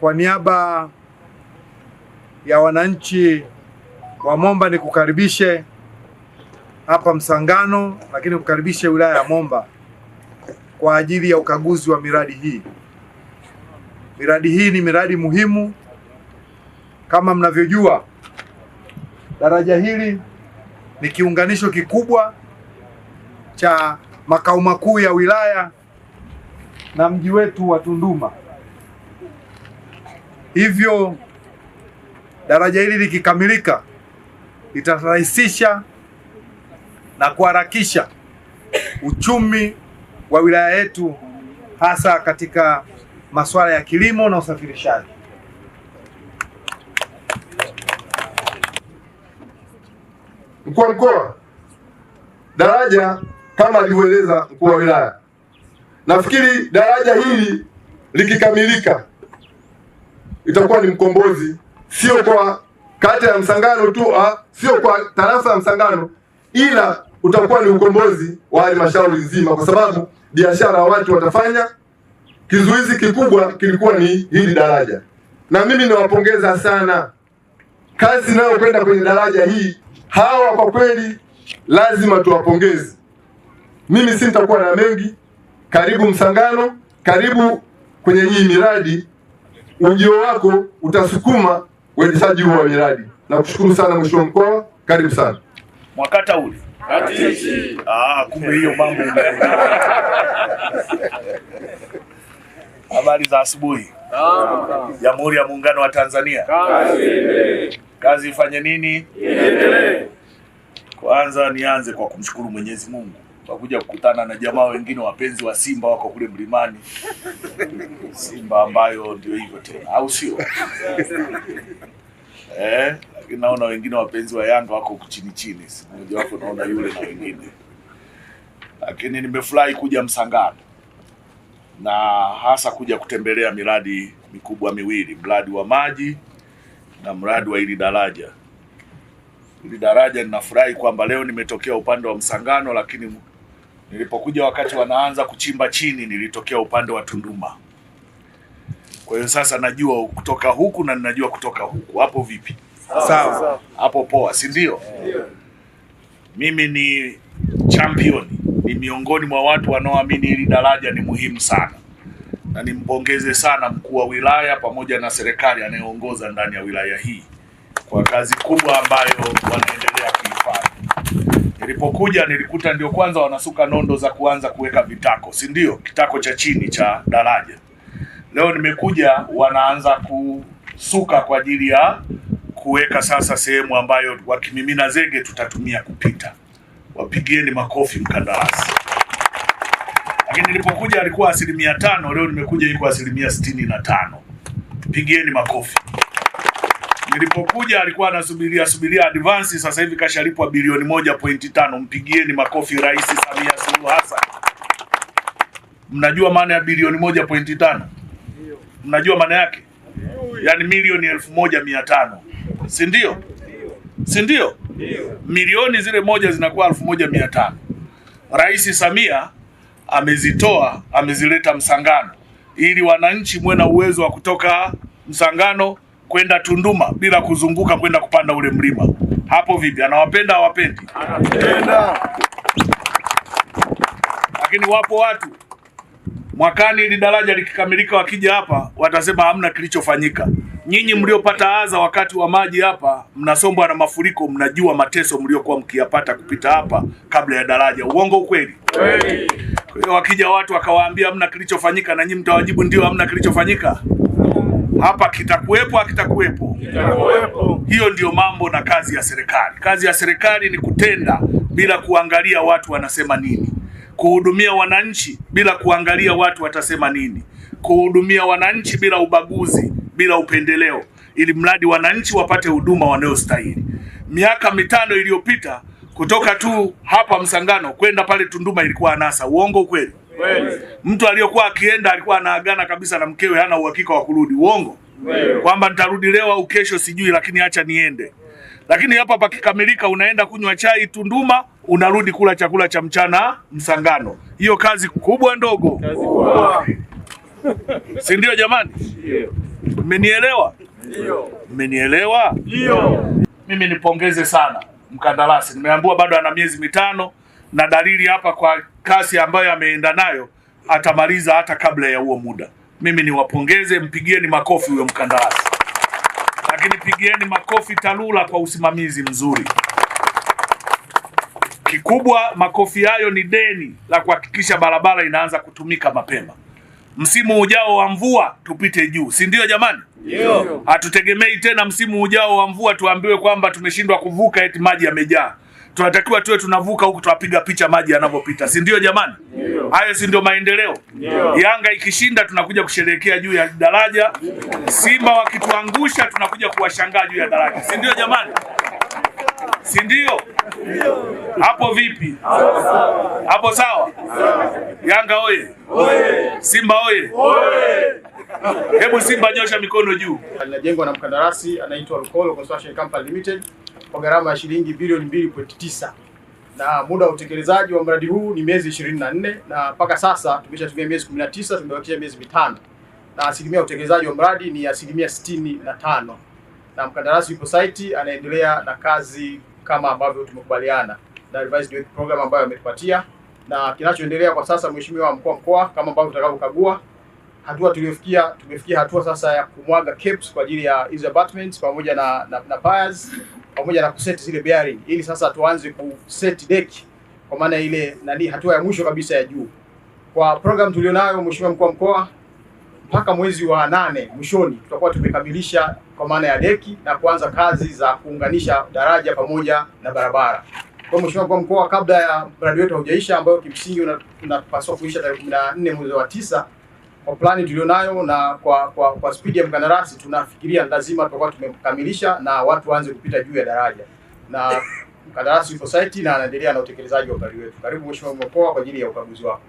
Kwa niaba ya wananchi wa Momba nikukaribishe hapa Msangano, lakini kukaribishe wilaya ya Momba kwa ajili ya ukaguzi wa miradi hii. Miradi hii ni miradi muhimu. Kama mnavyojua, daraja hili ni kiunganisho kikubwa cha makao makuu ya wilaya na mji wetu wa Tunduma. Hivyo daraja hili likikamilika litarahisisha na kuharakisha uchumi wa wilaya yetu hasa katika masuala ya kilimo na usafirishaji. Mkuu wa mkoa, daraja kama alivyoeleza mkuu wa wilaya, nafikiri daraja hili likikamilika itakuwa ni mkombozi, sio kwa kata ya Msangano tu, ah, sio kwa tarafa ya Msangano, ila utakuwa ni ukombozi wa halmashauri nzima, kwa sababu biashara watu watafanya. Kizuizi kikubwa kilikuwa ni hili daraja, na mimi nawapongeza sana kazi inayokwenda kwenye daraja hii. Hawa kwa kweli lazima tuwapongeze. Mimi si nitakuwa na mengi. Karibu Msangano, karibu kwenye hii miradi ujio wako utasukuma uendeshaji huo wa miradi. Nakushukuru sana mheshimiwa mkoa, karibu sana Mwakata ule. Ah, kumbe hiyo mambo. Habari za asubuhi. Jamhuri ya Muungano wa Tanzania. Kazi, kazi ifanye nini? Iendelee. Kwanza nianze kwa kumshukuru Mwenyezi Mungu utakuja kukutana na jamaa wengine wapenzi wa Simba wako kule mlimani. Simba ambayo ndio hivyo tena, au sio? Eh, lakini naona wengine wapenzi wa Yanga wako chini chini, mmoja wapo naona yule na wengine, lakini nimefurahi kuja Msangano na hasa kuja kutembelea miradi mikubwa miwili, mradi wa maji na mradi wa ili daraja Ili daraja. Ninafurahi kwamba leo nimetokea upande wa Msangano, lakini Nilipokuja wakati wanaanza kuchimba chini, nilitokea upande wa Tunduma. Kwa hiyo sasa najua kutoka huku na ninajua kutoka huku. Hapo vipi? Sawa, hapo poa, si ndio? Mimi ni champion, ni miongoni mwa watu wanaoamini hili daraja ni muhimu sana, na nimpongeze sana mkuu wa wilaya pamoja na serikali anayeongoza ndani ya wilaya hii kwa kazi kubwa ambayo wanaendelea Nilipokuja nilikuta ndio kwanza wanasuka nondo za kuanza kuweka vitako, si ndio? Kitako cha chini cha daraja. Leo nimekuja wanaanza kusuka kwa ajili ya kuweka sasa sehemu ambayo wakimimina zege tutatumia kupita. Wapigieni makofi mkandarasi. Lakini nilipokuja alikuwa asilimia tano, leo nimekuja iko asilimia sitini na tano. Pigieni makofi. Nilipokuja alikuwa anasubiria subiria advance, sasa hivi kashalipwa bilioni moja pointi tano. Mpigieni makofi Rais Samia Suluhu Hassan. Mnajua maana ya bilioni moja pointi tano? Mnajua maana yake? Yaani milioni elfu moja mia tano, si ndio? Si ndio? Milioni zile moja zinakuwa elfu moja mia tano. Rais Samia amezitoa amezileta Msangano ili wananchi mwe na uwezo wa kutoka Msangano kwenda Tunduma bila kuzunguka kwenda kupanda ule mlima. Hapo vipi? Anawapenda awapendi? Anapenda. Lakini wapo watu mwakani ili daraja likikamilika, wakija hapa watasema hamna kilichofanyika. Nyinyi mliopata adha wakati wa maji hapa, mnasombwa na mafuriko, mnajua mateso mliokuwa mkiyapata kupita hapa kabla ya daraja. Uongo ukweli? Kwa hiyo wakija watu wakawaambia hamna kilichofanyika, na nyinyi mtawajibu ndio, hamna kilichofanyika hapa kitakuwepo, akitakuwepo kitakuwepo. Hiyo ndiyo mambo na kazi ya serikali. Kazi ya serikali ni kutenda bila kuangalia watu wanasema nini, kuhudumia wananchi bila kuangalia watu watasema nini, kuhudumia wananchi bila ubaguzi, bila upendeleo, ili mradi wananchi wapate huduma wanayostahili. Miaka mitano iliyopita kutoka tu hapa Msangano kwenda pale Tunduma ilikuwa anasa. Uongo kweli? Mtu aliyokuwa akienda alikuwa anaagana kabisa na mkewe, hana uhakika wa kurudi. Uongo kwamba nitarudi leo au kesho sijui, lakini acha niende. Lakini hapa pakikamilika, unaenda kunywa chai Tunduma, unarudi kula chakula cha mchana Msangano. Hiyo kazi kubwa ndogo, si ndio? Jamani, mmenielewa? Mmenielewa? Mimi nipongeze sana mkandarasi, nimeambiwa bado ana miezi mitano na dalili hapa, kwa kasi ambayo ameenda nayo atamaliza hata kabla ya huo muda. Mimi niwapongeze, mpigieni makofi huyo mkandarasi, lakini pigieni makofi TARURA kwa usimamizi mzuri. Kikubwa makofi hayo ni deni la kuhakikisha barabara inaanza kutumika mapema. Msimu ujao wa mvua tupite juu, si ndio jamani? Ndio. Hatutegemei tena msimu ujao wa mvua tuambiwe kwamba tumeshindwa kuvuka eti maji yamejaa tunatakiwa tuwe tunavuka huku tuwapiga picha maji yanavyopita, si ndio jamani? Hayo si ndio maendeleo? Yanga ikishinda tunakuja kusherehekea juu ya daraja, Simba wakituangusha tunakuja kuwashangaa juu ya daraja, si ndio jamani? Si ndio? Hapo vipi? Hapo sawa? Yanga oye! Simba oye! Hebu Simba nyosha mikono juu. Linajengwa na mkandarasi anaitwa Lukolo Construction Company Limited kwa gharama ya shilingi bilioni 2.9 na muda wa utekelezaji wa mradi huu ni miezi 24 na mpaka sasa tumeshatumia miezi 19, tumebakisha miezi mitano na asilimia ya utekelezaji wa mradi ni asilimia 65, na mkandarasi yupo site anaendelea na kazi kama ambavyo tumekubaliana na revised work program ambayo ametupatia, na kinachoendelea kwa sasa, Mheshimiwa mkuu wa mkoa, kama ambavyo tutakavyokagua hatua tuliyofikia, tumefikia hatua sasa ya kumwaga caps kwa ajili ya hizo abutments pamoja na, na, na piers pamoja na kuseti zile bearing, ili sasa tuanze kuseti deki kwa maana ile nani, hatua ya mwisho kabisa ya juu. Kwa program tulionayo, mheshimiwa mkuu wa mkoa, mpaka mwezi wa nane mwishoni tutakuwa tumekamilisha kwa maana ya deki na kuanza kazi za kuunganisha daraja pamoja na barabara. Kwa mheshimiwa mkuu wa mkoa, kabla ya mradi wetu haujaisha, ambayo kimsingi unapaswa kuisha tarehe 14 mwezi wa tisa kwa plani tulionayo na kwa, kwa, kwa spidi ya mkandarasi tunafikiria lazima tutakuwa tumekamilisha na watu waanze kupita juu ya daraja, na mkandarasi yuko site na anaendelea na utekelezaji wa mradi wetu. Karibu Mheshimiwa Mkoa kwa ajili ya ukaguzi wako.